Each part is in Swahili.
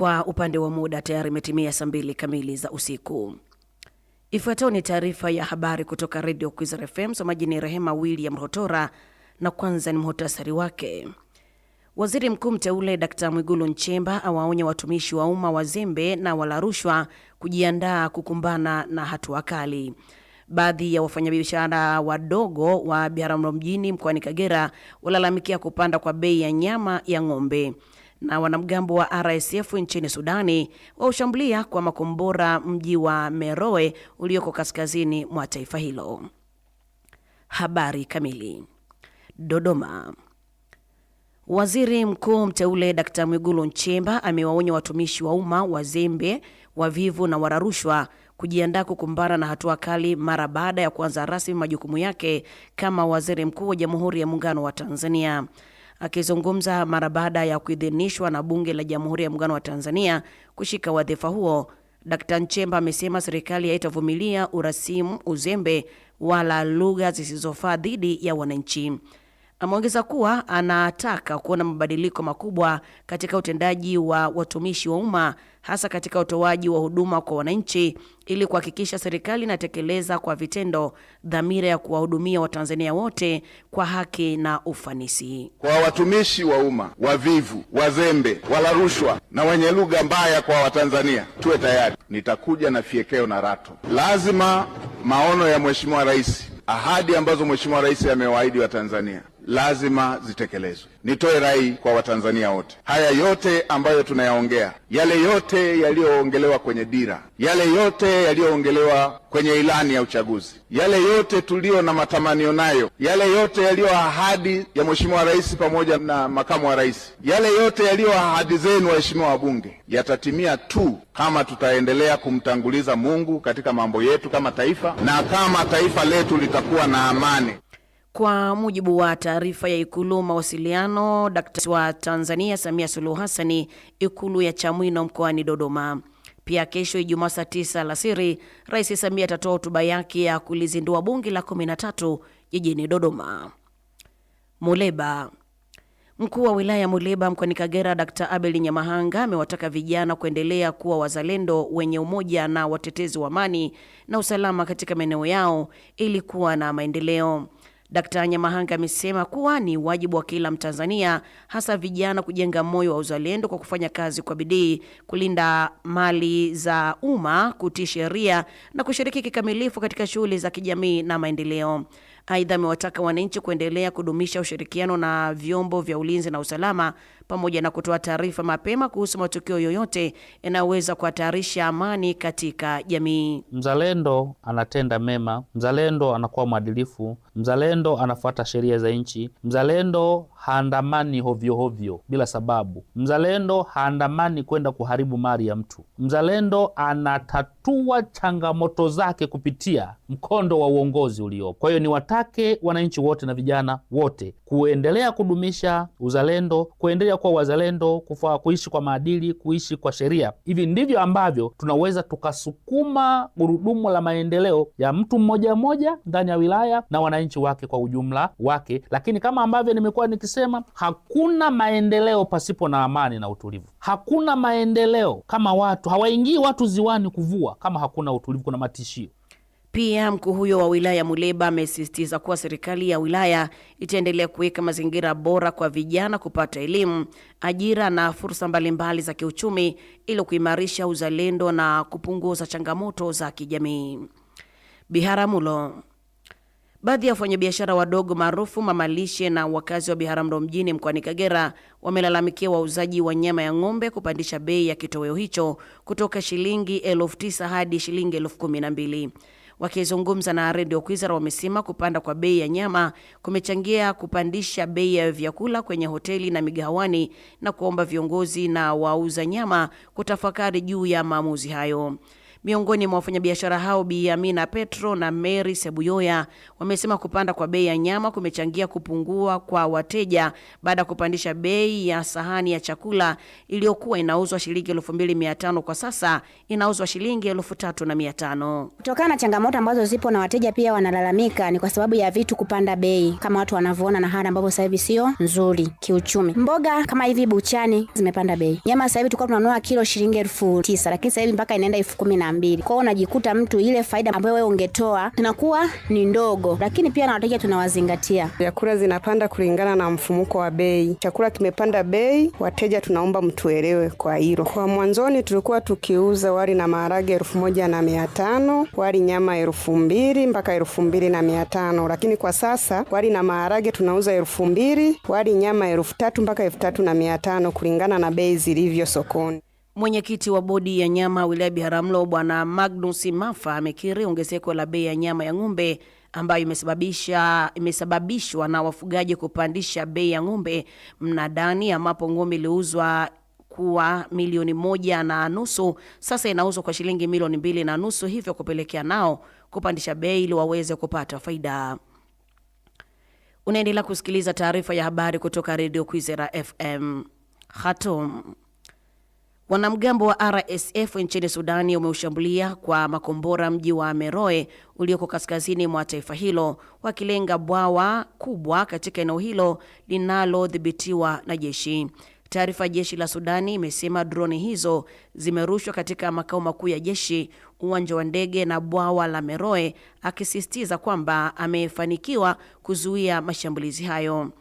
Kwa upande wa muda tayari imetimia saa mbili kamili za usiku. Ifuatayo ni taarifa ya habari kutoka redio Kwizera FM. Msomaji ni Rehema William rotora na kwanza ni muhtasari wake. Waziri mkuu mteule Dkt Mwigulu Nchemba awaonya watumishi wa umma wazembe na wala rushwa kujiandaa kukumbana na hatua kali. Baadhi ya wafanyabiashara wadogo wa Biharamulo mjini mkoani Kagera walalamikia kupanda kwa bei ya nyama ya ng'ombe na wanamgambo wa RSF nchini Sudani waushambulia kwa makombora mji wa meroe ulioko kaskazini mwa taifa hilo. Habari kamili. Dodoma. Waziri Mkuu mteule Dkt. Mwigulu Nchemba amewaonya watumishi wa umma wazembe, wavivu na wararushwa kujiandaa kukumbana na hatua kali mara baada ya kuanza rasmi majukumu yake kama Waziri Mkuu wa Jamhuri ya Muungano wa Tanzania. Akizungumza mara baada ya kuidhinishwa na Bunge la Jamhuri ya Muungano wa Tanzania kushika wadhifa huo, Dkt. Nchemba amesema serikali haitavumilia urasimu, uzembe wala lugha zisizofaa dhidi ya wananchi. Ameongeza kuwa anataka kuona mabadiliko makubwa katika utendaji wa watumishi wa umma hasa katika utoaji wa huduma kwa wananchi ili kuhakikisha serikali inatekeleza kwa vitendo dhamira ya kuwahudumia Watanzania wote kwa haki na ufanisi. Kwa watumishi wa umma wavivu, wazembe, wala rushwa na wenye lugha mbaya kwa Watanzania, tuwe tayari, nitakuja na fiekeo na rato. Lazima maono ya Mheshimiwa Rais, ahadi ambazo Mheshimiwa Rais amewaahidi Watanzania lazima zitekelezwe. Nitoe rai kwa Watanzania wote, haya yote ambayo tunayaongea, yale yote yaliyoongelewa kwenye dira, yale yote yaliyoongelewa kwenye ilani ya uchaguzi, yale yote tuliyo na matamanio nayo, yale yote yaliyo ahadi ya Mheshimiwa Rais pamoja na makamu wa rais, yale yote yaliyo ahadi zenu waheshimiwa wabunge, yatatimia tu kama tutaendelea kumtanguliza Mungu katika mambo yetu kama taifa na kama taifa letu litakuwa na amani. Kwa mujibu wa taarifa ya Ikulu mawasiliano, Daktari wa Tanzania Samia Suluhu Hassani Ikulu ya Chamwino mkoani Dodoma. Pia kesho Ijumaa saa tisa alasiri, Rais Samia atatoa hotuba yake ya kulizindua bunge la 13 jijini Dodoma. Muleba. Mkuu wa wilaya ya Muleba mkoani Kagera Dr Abel Nyamahanga amewataka vijana kuendelea kuwa wazalendo wenye umoja na watetezi wa amani na usalama katika maeneo yao ili kuwa na maendeleo. Dkt. Nyamahanga amesema kuwa ni wajibu wa kila Mtanzania hasa vijana kujenga moyo wa uzalendo kwa kufanya kazi kwa bidii, kulinda mali za umma, kutii sheria na kushiriki kikamilifu katika shughuli za kijamii na maendeleo. Aidha, amewataka wananchi kuendelea kudumisha ushirikiano na vyombo vya ulinzi na usalama pamoja na kutoa taarifa mapema kuhusu matukio yoyote yanayoweza kuhatarisha amani katika jamii. Mzalendo anatenda mema, mzalendo anakuwa mwadilifu, mzalendo anafuata sheria za nchi, mzalendo haandamani hovyohovyo bila sababu, mzalendo haandamani kwenda kuharibu mali ya mtu, mzalendo anatatua changamoto zake kupitia mkondo wa uongozi uliopo. Kwa hiyo ni watu Niwatake wananchi wote na vijana wote kuendelea kudumisha uzalendo, kuendelea kuwa wazalendo, kufaa kuishi kwa maadili, kuishi kwa sheria. Hivi ndivyo ambavyo tunaweza tukasukuma gurudumu la maendeleo ya mtu mmoja mmoja ndani ya wilaya na wananchi wake kwa ujumla wake. Lakini kama ambavyo nimekuwa nikisema, hakuna maendeleo pasipo na amani na utulivu. Hakuna maendeleo kama watu hawaingii watu ziwani kuvua kama hakuna utulivu, kuna matishio pia mkuu huyo wa wilaya Muleba amesisitiza kuwa serikali ya wilaya itaendelea kuweka mazingira bora kwa vijana kupata elimu, ajira na fursa mbalimbali za kiuchumi ili kuimarisha uzalendo na kupunguza changamoto za kijamii. Biharamulo. Baadhi ya wafanyabiashara wadogo maarufu mamalishe na wakazi wa Biharamulo mjini mkoani Kagera wamelalamikia wauzaji wa nyama ya ng'ombe kupandisha bei ya kitoweo hicho kutoka shilingi elfu tisa hadi shilingi elfu kumi na mbili. Wakizungumza na redio Kwizera, wamesema kupanda kwa bei ya nyama kumechangia kupandisha bei ya vyakula kwenye hoteli na migahawani na kuomba viongozi na wauza nyama kutafakari juu ya maamuzi hayo. Miongoni mwa wafanyabiashara hao Bi Amina Petro na Mary Sebuyoya wamesema kupanda kwa bei ya nyama kumechangia kupungua kwa wateja baada ya kupandisha bei ya sahani ya chakula iliyokuwa inauzwa shilingi elfu mbili kwa sasa inauzwa shilingi elfu tatu na mia tano. Kutokana na changamoto ambazo zipo na wateja pia wanalalamika ni kwa sababu ya vitu kupanda bei kama watu wanavyoona, na hali ambapo sasa hivi sio nzuri kiuchumi. Mboga kama hivi buchani zimepanda bei. Nyama sasa hivi tulikuwa tunanunua kilo shilingi elfu lakini sasa hivi mpaka inaenda na mbili. Kwa hiyo unajikuta mtu ile faida ambayo wewe ungetoa inakuwa ni ndogo, lakini pia na wateja tunawazingatia. Vyakula zinapanda kulingana na mfumuko wa bei, chakula kimepanda bei, wateja tunaomba mtuelewe kwa hilo. Kwa mwanzoni tulikuwa tukiuza wali na maharage elfu moja na mia tano wali nyama elfu mbili mpaka elfu mbili na mia tano lakini kwa sasa wali na maharage tunauza elfu mbili wali nyama elfu tatu mpaka elfu tatu na mia tano kulingana na bei zilivyo sokoni. Mwenyekiti wa bodi ya nyama wilaya Biharamulo Bwana Magnus Mafa amekiri ongezeko la bei ya nyama ya ng'ombe ambayo imesababisha imesababishwa na wafugaji kupandisha bei ya ng'ombe mnadani, ambapo ng'ombe iliuzwa kuwa milioni moja na nusu sasa inauzwa kwa shilingi milioni mbili na nusu, hivyo kupelekea nao kupandisha bei ili waweze kupata faida. Unaendelea kusikiliza taarifa ya habari kutoka Radio Kwizera FM Khartoum. Wanamgambo wa RSF nchini Sudani umeushambulia kwa makombora mji wa Meroe ulioko kaskazini mwa taifa hilo, wakilenga bwawa kubwa katika eneo hilo linalodhibitiwa na jeshi. Taarifa ya jeshi la Sudani imesema droni hizo zimerushwa katika makao makuu ya jeshi, uwanja wa ndege na bwawa la Meroe, akisisitiza kwamba amefanikiwa kuzuia mashambulizi hayo.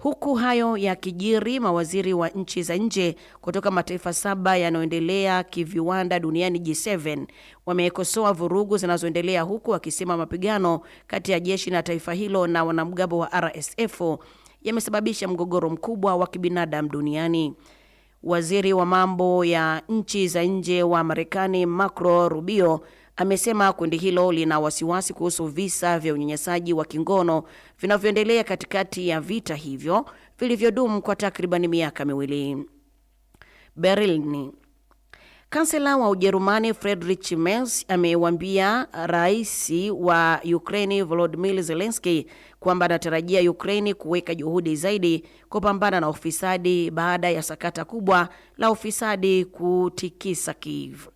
Huku hayo yakijiri, mawaziri wa nchi za nje kutoka mataifa saba yanayoendelea kiviwanda duniani G7 wamekosoa vurugu zinazoendelea huku wakisema mapigano kati ya jeshi na taifa hilo na wanamgambo wa RSF yamesababisha mgogoro mkubwa wa kibinadamu duniani. Waziri wa mambo ya nchi za nje wa Marekani Marco Rubio amesema kundi hilo lina wasiwasi kuhusu visa vya unyanyasaji wa kingono vinavyoendelea katikati ya vita hivyo vilivyodumu kwa takribani miaka miwili. Berlin. Kansela wa Ujerumani Friedrich Merz amewambia rais wa Ukraini Volodymyr Zelensky kwamba anatarajia Ukraini kuweka juhudi zaidi kupambana na ufisadi baada ya sakata kubwa la ufisadi kutikisa Kiev.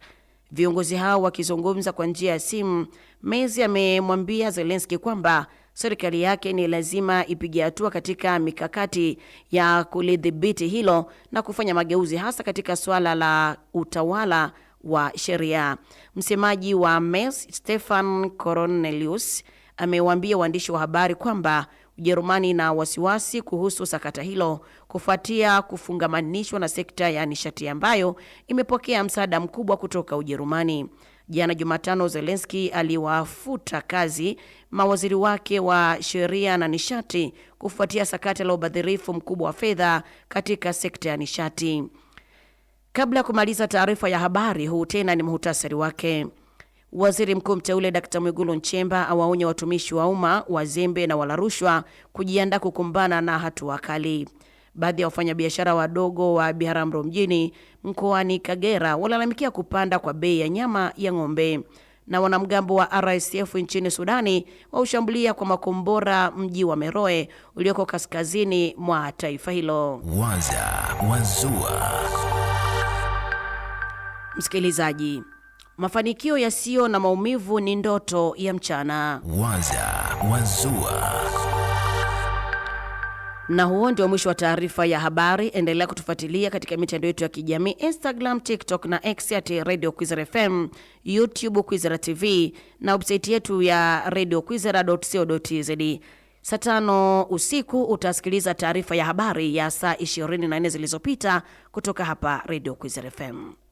Viongozi hao wakizungumza kwa njia ya simu, Mezi amemwambia Zelensky kwamba serikali yake ni lazima ipige hatua katika mikakati ya kulidhibiti hilo na kufanya mageuzi hasa katika suala la utawala wa sheria. Msemaji wa Mez Stefan Cornelius amewaambia waandishi wa habari kwamba Ujerumani na wasiwasi kuhusu sakata hilo kufuatia kufungamanishwa na sekta ya nishati ambayo imepokea msaada mkubwa kutoka Ujerumani. Jana Jumatano, zelenski aliwafuta kazi mawaziri wake wa sheria na nishati kufuatia sakata la ubadhirifu mkubwa wa fedha katika sekta ya nishati. Kabla ya kumaliza taarifa ya habari, huu tena ni muhtasari wake. Waziri Mkuu mteule Dkt. Mwigulu Nchemba awaonya watumishi wa umma wazembe na wala rushwa kujiandaa kukumbana na hatua kali. Baadhi ya wafanyabiashara wadogo wa Biharamulo mjini mkoani Kagera walalamikia kupanda kwa bei ya nyama ya ng'ombe, na wanamgambo wa RSF nchini Sudani waushambulia kwa makombora mji wa Meroe ulioko kaskazini mwa taifa hilo. Waza Wazua, msikilizaji mafanikio yasiyo na maumivu ni ndoto ya mchana. Waza Wazua. Na huo ndio mwisho wa taarifa ya habari. Endelea kutufuatilia katika mitandao yetu ya kijamii Instagram, TikTok na X at Radio Kwizera FM, YouTube Kwizera TV na website yetu ya Radio Kwizera.co.tz. Saa tano usiku utasikiliza taarifa ya habari ya saa 24 zilizopita kutoka hapa Radio Kwizera FM.